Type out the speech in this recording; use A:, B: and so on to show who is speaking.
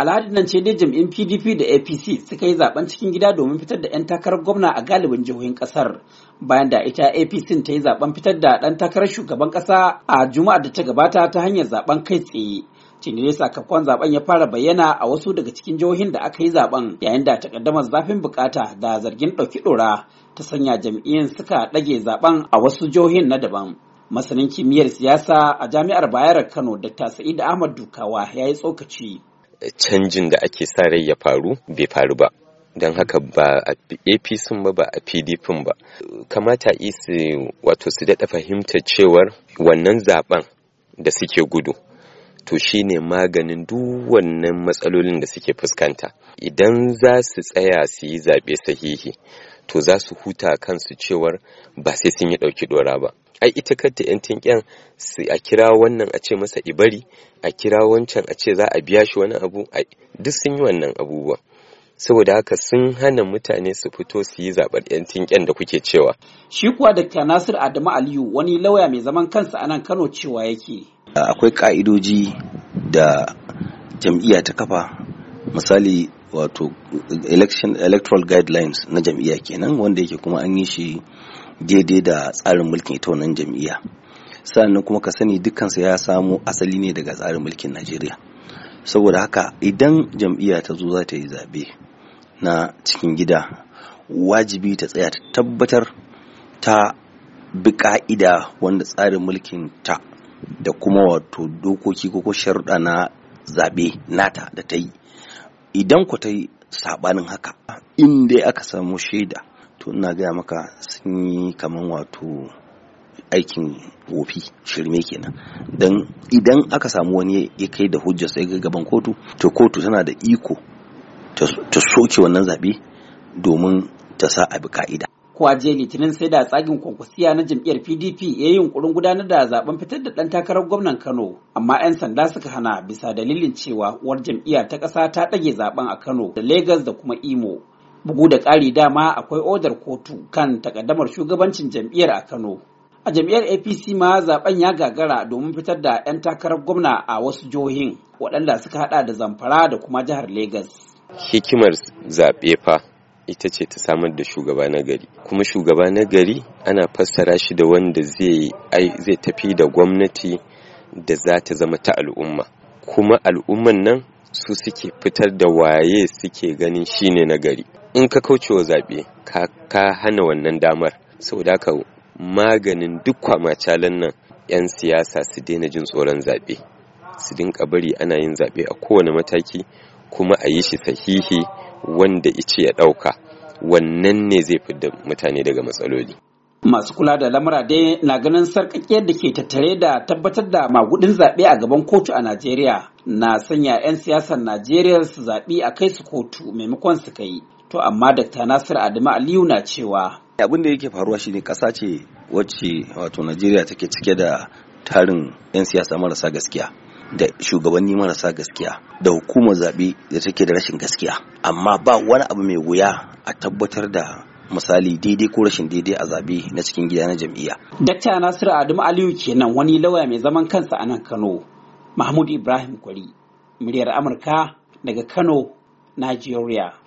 A: alhadin nan ce dai jam'in pdp da apc suka yi zaben cikin gida domin fitar da 'yan takarar gwamna a galibin jihohin kasar bayan da ita apc ta yi zaben fitar da ɗan takarar shugaban ƙasa a juma'ar da ta gabata ta hanyar zaben kai tsaye cini ne sakamakon zaben ya fara bayyana a wasu daga cikin jihohin da aka yi zaben yayin da takaddamar zafin bukata da zargin ɗauki ɗora ta sanya jam'iyyar suka ɗage zaben a wasu jihohin na daban masanin kimiyyar siyasa a jami'ar bayar kano dr sa'id ahmad dukawa ya yi tsokaci
B: canjin da ake sa rai ya faru bai faru ba don haka ba a apc ba ba a pdp ba kamata isi wato su daɗa fahimta cewar wannan zaben da suke gudu to shine maganin duk wannan matsalolin da suke fuskanta idan za su tsaya su yi zaɓe sahihi to za su huta kansu cewar ba sai sun yi ɗauki ɗora ba ai ita kanta yan tinƙen su a kira wannan a ce masa ibari a kira wancan a ce za a biya shi wani abu duk sun yi wannan abubuwa saboda haka sun hana mutane su fito su yi zaɓar yan tinƙen da kuke cewa
A: shi kuwa dr nasir adamu aliyu wani lauya mai zaman kansa a nan kano cewa yake
B: akwai ƙa'idoji da jam'iyya ta kafa
C: misali wato election electoral guidelines na jam'iyya kenan wanda yake kuma an yi shi daidai da tsarin mulkin ita wannan jam'iyya sannan kuma ka sani dukkansa ya samo asali ne daga tsarin mulkin najeriya saboda haka idan jam'iyya ta zo za ta yi zaɓe na cikin gida wajibi ta tsaya ta tabbatar ta bi ka'ida wanda tsarin mulkin ta da kuma wato dokoki ko sharuɗa na zaɓe nata da ta yi idan ku ta yi saɓanin haka in dai aka samu shaida to ina gaya maka sun yi kamar wato aikin wofi shirme kenan don idan aka samu wani ya kai da hujja sai ga gaban kotu to kotu tana da iko ta soke wannan zaɓe domin ta sa abi ka'ida
A: kuwa jiya litinin sai da tsagin kwankwasiya na jam'iyyar pdp ya yi yunkurin gudanar da zaben fitar da ɗan takarar gwamnan kano amma 'yan sanda suka hana bisa dalilin cewa uwar jam'iyyar ta ƙasa ta ɗage zaben a kano da Legas da kuma imo bugu da ƙari dama akwai odar kotu kan takaddamar shugabancin jam'iyyar a kano a jam'iyyar apc ma zaben ya gagara domin fitar da 'yan takarar gwamna a wasu jihohin waɗanda suka haɗa da zamfara da kuma jihar Legas.
B: hikimar zaɓe fa ita ce ta samar da shugaba na gari kuma shugaba na gari ana fassara shi da wanda zai tafi da gwamnati da za ta zama ta al'umma kuma al'umman nan su suke fitar da waye suke ganin shine na gari in ka kauce wa zaɓe ka, hana wannan damar saboda haka maganin duk kwamacalan nan 'yan siyasa su daina jin tsoron zaɓe su dinka bari ana yin zaɓe a kowane mataki kuma a yi shi sahihi wanda ice ya ɗauka wannan ne zai fi da mutane daga matsaloli
A: masu kula da lamura dai na ganin sarkakiyar da ke tattare da tabbatar da magudin zaɓe a gaban kotu a najeriya na sanya 'yan siyasar najeriya su zaɓi a kai su kotu maimakon su kai to amma dr nasir adamu aliyu na
C: cewa abin da yake faruwa shine ƙasa ce wacce wato najeriya take cike da tarin 'yan siyasa marasa gaskiya da shugabanni marasa gaskiya da hukumar zaɓe da take da rashin gaskiya amma ba wani abu mai wuya a tabbatar da misali daidai ko rashin daidai a zaɓe na cikin gida na jam'iyya.
A: Dakta Nasiru Adamu Aliyu kenan wani lauya mai zaman kansa a nan Kano, Mahmud Ibrahim Kwari, muryar Amurka daga Kano, Najeriya.